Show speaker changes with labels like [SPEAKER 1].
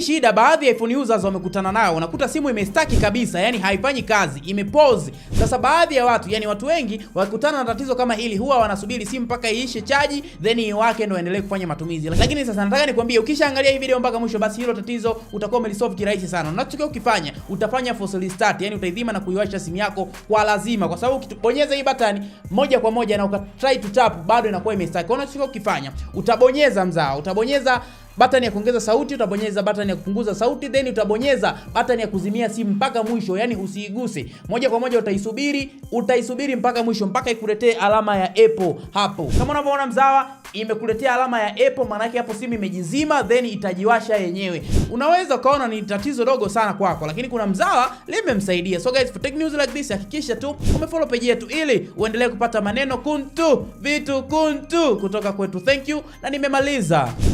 [SPEAKER 1] hii shida baadhi ya iPhone users wamekutana nayo, unakuta simu imestaki kabisa, yani haifanyi kazi, imepause. Sasa baadhi ya watu, yani watu wengi wakikutana na tatizo kama hili, huwa wanasubiri simu mpaka iishe chaji then iwake ndio endelee kufanya matumizi. Lakini sasa nataka nikwambie, ukishaangalia hii video mpaka mwisho, basi hilo tatizo utakuwa umelisolve kirahisi sana. Unachotakiwa ukifanya, utafanya force restart, yani utaizima na kuiwasha simu yako kwa lazima, kwa sababu ukibonyeza hii button moja kwa moja na ukatry to tap bado inakuwa imestaki. Unachotakiwa ukifanya, utabonyeza mzao, utabonyeza button ya kuongeza sauti, utabonyeza button ya kupunguza sauti, then utabonyeza button ya kuzimia simu mpaka mwisho, yani usiiguse moja kwa moja. Utaisubiri, utaisubiri mpaka mwisho, mpaka ikuletee alama ya Apple hapo, kama unavyoona mzawa imekuletea alama ya Apple, maana yake hapo simu imejizima, then itajiwasha yenyewe. Unaweza ukaona ni tatizo dogo sana kwako, lakini kuna mzawa limemsaidia. So guys, for tech news like this, hakikisha tu umefollow page yetu ili uendelee kupata maneno kuntu vitu kuntu kutoka kwetu. Thank you na nimemaliza.